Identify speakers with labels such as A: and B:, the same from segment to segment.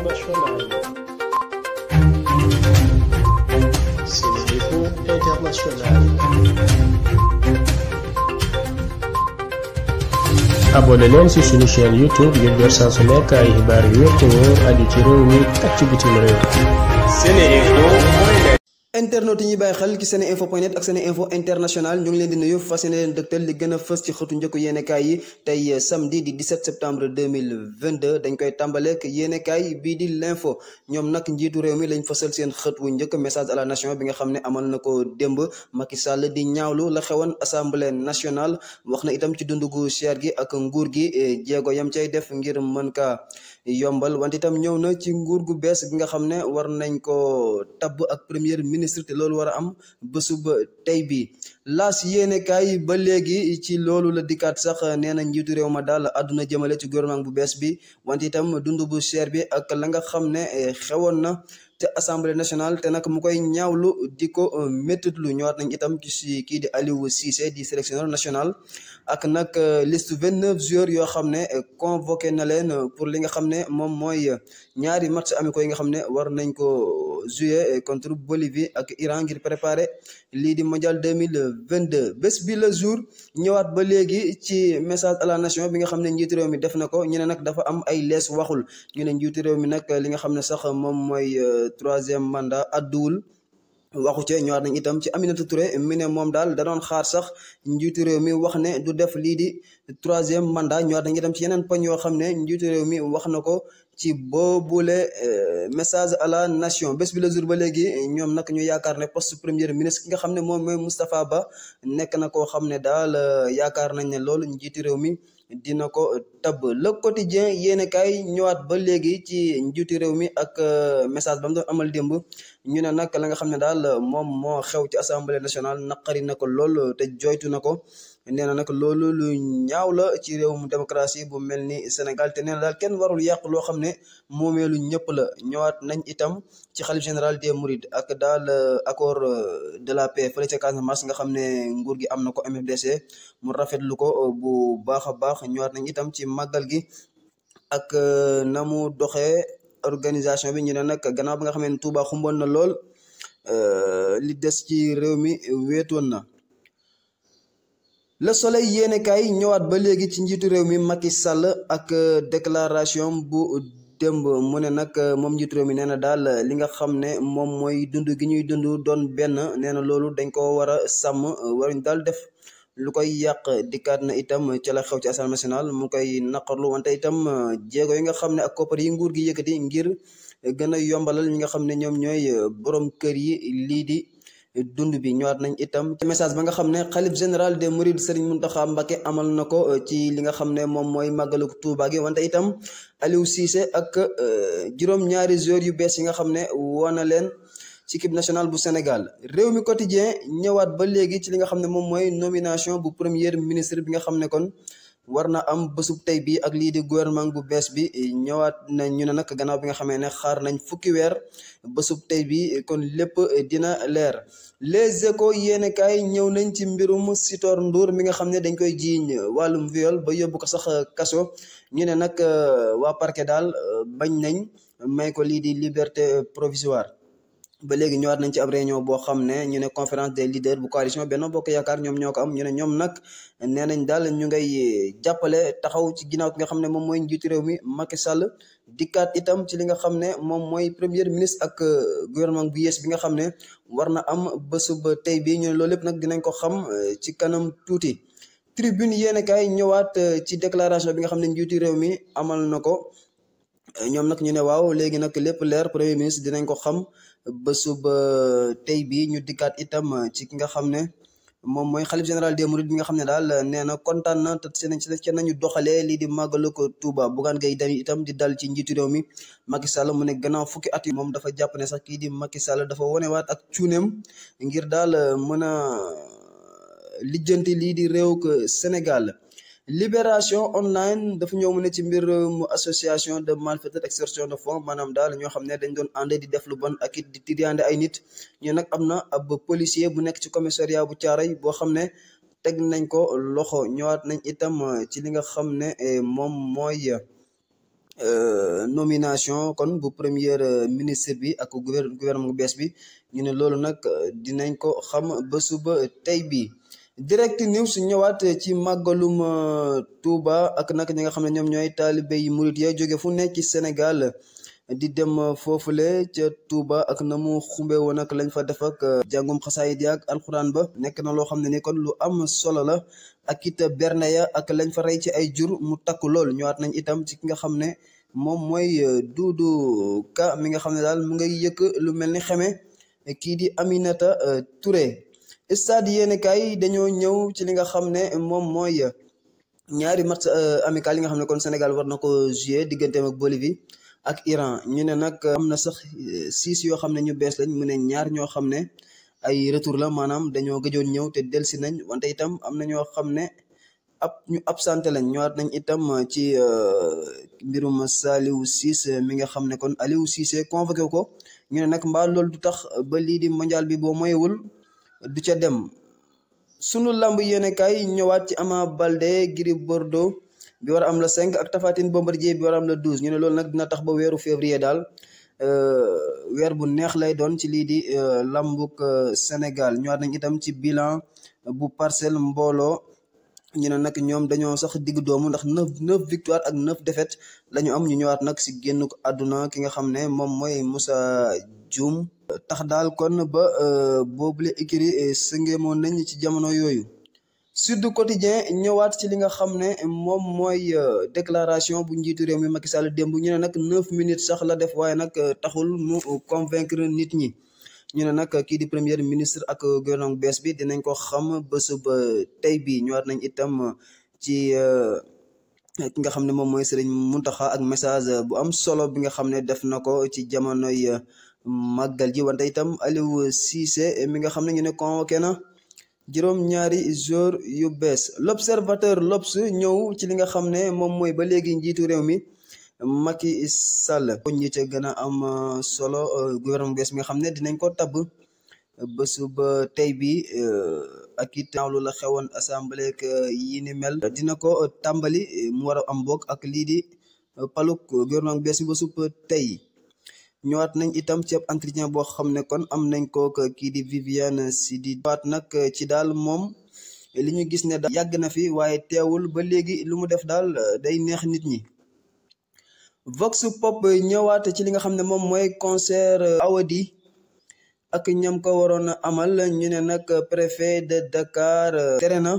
A: internationale. SeneInfo International. abonné leen
B: ci suñu YouTube ngir jot saa su nekk ay xibaar yu wér te wóor aju ci réew mi ak
A: internet yi ñuy bàyyi xel ci sene info point net ak sene info international ñu ngi leen di nuyu fas yéene leen dëgtal li gën a fës ci xëtu njëkk yéenekaay yi tey euh, samedi di 17 septembre dañ koy tàmbaleek yéenekaay bii di l'info ñoom nag njiitu réew mi lañ fësal seen xët njëkk message à la nation bi nga xam ne amal na ko démb Macky Sall di ñaawlu la xewoon assemblée nationale wax na itam ci dundu gu cher gi ak nguur gi euh, jéego yam cay def ngir mën kaa yombal wante itam na ci nguur gu bees gi nga xam ne war nañ ko tabb ak ministre loolu war a am bésu ba tey bi laas yéene kaay ba léegi ci loolu la dikkaat sax nee na njiitu réew ma daal àdduna jëmale ci gouvernement bu bees bi wante itam dund bu cher bi ak la nga xam ne eh, xewoon na te assemblée nationale te nag mu koy ñaawlu di ko euh, méttitlu ñëwaat nañ itam ci kii di Aliou Cissé di sélectionneur national ak nag euh, liste vingt neuf joueurs yoo xam ne euh, convoqué na leen pour li nga xam ne moom mooy ñaari match amicaux yi nga xam ne war nañ ko jouer contre Bolivie ak Iran ngir préparer lii di mondial deux mille vingt deux bés bi le jour ñëwaat ba léegi ci message à nation bi nga xam ne njiitu réew mi def na ko ñu ne nag dafa am ay lees waxul ñu ne njiitu réew mi nag li nga xam ne sax moom mooy troisième mandat adduwul waxu ci ñëwaat nañ itam ci Aminata Touré mi ne moom daal da xaar sax njiitu réew mi wax ne du def lii di troisième mandat ñëwaat nañ itam ci yeneen poñ yoo xam ne njiitu réew mi wax na ko ci boobule euh, message à la nation bess bi la jour ba léegi ñoom nag ñu yaakaar ne poste premier ministre ki nga xam ne moom mooy Moustapha Ba nekk na koo xam ne daal euh, yaakaar nañ ne loolu njiitu réew mi dina ko tabb le quotidien yéen a ñëwaat ba léegi ci njiitu réew mi ak euh, message ba mu doon amal démb ñu ne nag la nga xam ne daal moom moo xew ci assemblée nationale naqari na ko lool te joytu na ko nee na nag loolu lu ñaaw la ci réewum démocratie bu mel ni Sénégal te nee daal kenn warul yàq loo xam ne moomeelu ñëpp la ñëwaat nañ itam ci xalif général des Mourides ak daal accord de la paix fële ca Casamance nga xam ne nguur gi am na ko MFDC mu rafetlu ko bu baax a baax ñëwaat nañ itam ci màggal gi ak na doxee. organisation bi ñu ne nag gannaaw bi nga xam ne Touba xumboon na lool euh, li des ci réew mi wéetoon na la soleil yéene kaay ñëwaat ba léegi ci njiitu réew mi Macky Sall ak euh, déclaration bu démb mu ne nag euh, moom njiitu réew mi nee na daal li nga xam ne moom mooy dund gi ñuy dund doon benn nee na loolu dañ ko war a sàmm waruñ daal def lu koy yàq dikkaat na itam ca xew ci assemblée nationale mu koy naqarlu wante itam jéego yi nga xam ne ak koppar yi nguur gi yëkkati ngir gën a yombalal ñi nga xam ne ñoom ñooy borom kër yi lii di dund bi ñëwaat nañ itam message ba nga xam ne xalif général des mourides Serigne Mountakha Mbacké amal na ko euh, ci li nga xam ne moom mooy màggalu Tuuba gi wante itam Aliou Cissé ak euh, juróom-ñaari joueurs yu bees yi nga xam ne woon na leen ci équipe national bu Sénégal réew mi quotidien ñëwaat ba léegi ci li nga xam ne moom mooy nomination bu premier ministre bi nga xam ne kon war na am basub tey bi ak lii di gouvernement bu bees bi ñëwaat na ñu ne nag gannaaw bi nga xamee ne xaar nañ fukki weer basub tey bi kon lépp dina leer les échos yéenekaay ñëw nañ ci mbirum Sitor Ndour mi nga xam ne dañ koy jiiñ wàllum viole ba yóbbu ko sax kaso ñu ne nag euh, waa parquet daal euh, bañ nañ may ko lii di liberté provisoire ba léegi ñëwaat nañ ci après réunion boo xam ne ñu ne conférence des leaders bu Bokk Yaakaar ñoom ñoo ko am ñu ne ñoom nag nee nañ daal ñu ngay jàppale taxaw ci ginnaaw ki nga xam ne moom mooy njiitu réew mi Macky Sall dikkaat itam ci li nga xam ne moom mooy premier ministre ak euh, gouvernement bu yees bi nga xam ne war na am bésub tey bii ñu ne lépp nag dinañ ko xam euh, ci kanam tuuti tribune yéen kaay ñëwaat euh, ci déclaration bi nga xam ne njiitu réew mi amal na ko ñoom nag ñu ne waaw léegi nag lépp leer premier ministre dinañ ko xam bésub euh, tey bi ñu dikkaat itam euh, ci ki nga xam ne moom mooy xalif général des mourides bi nga xam ne daal euh, nee na kontaan na te seen ci nañu doxalee lii di màggalu ko Touba Bougane Gueye Dany itam di dal ci njiitu réew mi Macky Sall mu ne gannaaw fukki at yi moom dafa jàpp ne sax kii di Macky Sall dafa waat ak cuuneem ngir daal mën a lijjanti lii di réew ko Sénégal libération online dafa ñëw ne ci mbir mu association de malfaiteurs extorsion de fonds maanaam daal ñoo xam ne dañ doon ànd di def lu bon ak di tiriyaande ay nit ñu nag am na ab policier bu nekk ci commissariat bu Thiaroye boo xam ne teg nañ ko loxo ñëwaat nañ itam ci li nga xam ne eh, moom mooy euh, nomination kon bu premier euh, ministre bi ak gouvernement bu bees bi ñu ne loolu nag euh, dinañ ko xam ba suba tey bi direct su ñëwaat ci màggalum euh, Touba ak nag ñi nga xam ne ñoom ñooy taalibe yi murit ya jóge fu nekk ci senegal di dem foofu euh, foofule ca tuuba ak na mu xumbe woon ak lañ fa def ak euh, jàngum xasaayid ya ak alxuraan ba nekk na loo xam ne ni kon lu am solo la ak it berne ya ak lañ fa rey ci ay jur mu takku lool ñëwaat nañ itam ci ki nga xam ne moom mooy Duudu Ka mi nga xam ne daal mu ngay yëkk lu mel ni xeme kii di Aminata Touré. stade yéen kay dañoo ñëw ci li nga xam ne moom mooy ñaari match euh, amical li nga xam ne kon Sénégal war na ko jouer digganteem ak Bolivie ak Iran ñu ne nag am na sax euh, six yoo xam ne ñu bees lañ mu ne ñaar ñoo xam ne ay retour la maanaam dañoo gëjoon ñëw te delsi nañ wante itam am na ñoo xam ne ab ñu absenté lañ ñëwaat nañ itam ci euh, mbirum Saliou Cissé mi nga xam ne kon Aliou Cissé convoqué ko ñu ne nag mbaa loolu du tax ba lii di mondial bi boo moyewul du ca dem sunu lamb yéene kay ñëwaat ci Ama Baldé Gris Bordeaux bi war a am la cinq ak Tapha Tine Bombardier bi war a am la douze ñu ne loolu nag dina tax ba weeru février daal euh, weer bu neex lay doon ci lii di euh, lambuk euh, Sénégal ñëwaat nañ itam ci bilan bu parcelle mbooloo ñu ne nag ñoom dañoo sax digg doomu ndax neuf neuf victoire ak neuf defet la am ñu ñëwaat nag si génn ko àdduna ki nga xam ne moom mooy Moussa Dioum tax daal kon ba euh, boobule écrit euh, sëngeemoon nañ ci jamono yooyu Sud Quotidien ñëwaat ci li nga xam ne moom mooy euh, déclaration bu njiitu réew mi Macky Sall bu ñu ne nag neuf minutes sax la def waaye nag taxul mu convaincre nit ñi ñu ne nag kii di premier ministre ak gouvernement bees bi dinañ ko xam bés ba euh, tey bii ñëwaat nañ itam euh, ci euh, ki nga xam ne moom mooy Serigne taxa ak message bu am solo bi nga xam ne def na ko ci jamonoy màggal ji wante itam Aliou Cissé mi nga xam ne ñu ne convoqué na juróom-ñaari joueur yu bees l'observateur l'Obs ñëw ci li nga xam ne moom mooy ba léegi njiitu réew mi. Macky Sall poñ ñi ca gën a am uh, solo uh, gouvernement bees mi nga xam ne dinañ ko tabb bésu tey bi uh, ak it naawlu la xewoon assemblée ak yi ni mel dina ko tàmbali mu war a am bokk ak lii di paluk gouvernement bees mi ba supp tey ñëwaat nañ itam ceeb ab entretien boo xam ne kon am nañ ko kii di Viviane Sidi waat nag ci daal moom li ñu gis ne daal yàgg na fi waaye teewul ba léegi lu mu def daal day neex nit ñi Vox Pop ñëwaat ci li nga xam ne moom mooy concert euh, Awadi ak ñam ko waroon amal ñu ne nag préfet de Dakar euh, tere na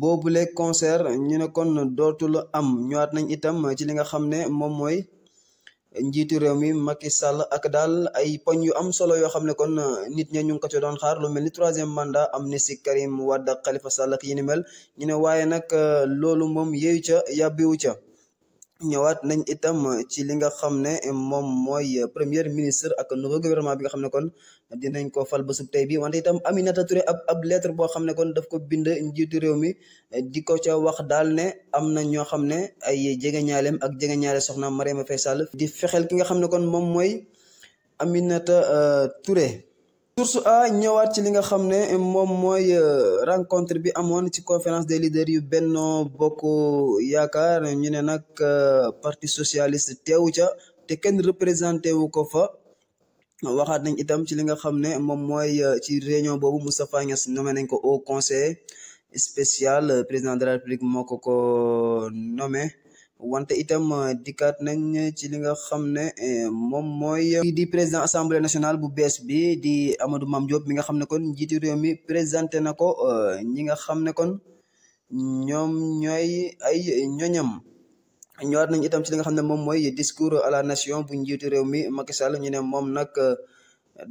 A: boobule concert ñu ne kon dootul am ñëwaat nañ itam ci li nga xam ne moom mooy njiitu réew mi Macky Sall ak daal ay poñ yu am solo yoo xam ne kon euh, nit ña ñu ngi doon xaar lu mel ni troisième am ni Karim Wade Khalifa Sall ak yi ni mel ñu ne waaye nag loolu moom yeeyu ca yàbbiwu ca. ñëwaat nañ itam ci li nga xam ne moom mooy première ministre ak nouveau gouvernement bi nga xam ne kon dinañ ko fal bésub tey bi wante itam Aminata Touré ab ab lettre boo xam ne kon daf ko bind njiitu réew mi di ko ca wax daal ne am na ñoo xam ne ay jegeñaaleem ak jegeñaale soxna Mariama Faye sal di fexeel ki nga xam ne kon moom mooy Aminata euh, Touré source a ñëwaat ci li nga xam ne moom mooy euh, rencontre bi amoon ci conférence des leaders yu Benno Bokk Yaakaar ñu ne nag euh, parti socialiste teewu ca te kenn représenté wu ko fa waxaat nañ itam ci li nga xam ne moom mooy euh, ci réunion boobu Moustapha Niass nommé nañ ko au conseil spécial président de la République moo ko ko nommé wante itam euh, dikkaat nañ ci li nga xam ne euh, moom mooy euh, di président assemblée nationale bu bees bi di Amadou maam Diop mi nga xam ne kon njiitu réew mi présenté na ko ñi nga xam ne kon ñoom ñooy ay ñooñam ñëwaat nañ itam ci li nga xam ne moom mooy discours à la nation bu njiitu réew mi Macky Sall ñu ne moom nag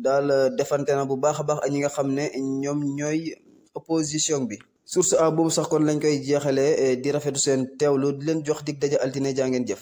A: daal defante na bu baax a baax ak ñi nga xam ne ñoom ñooy opposition bi source a boobu sax kon lañ koy jeexalee eh, di rafetu seen teewlu di leen jox dig daje altine jaa ngeen jëf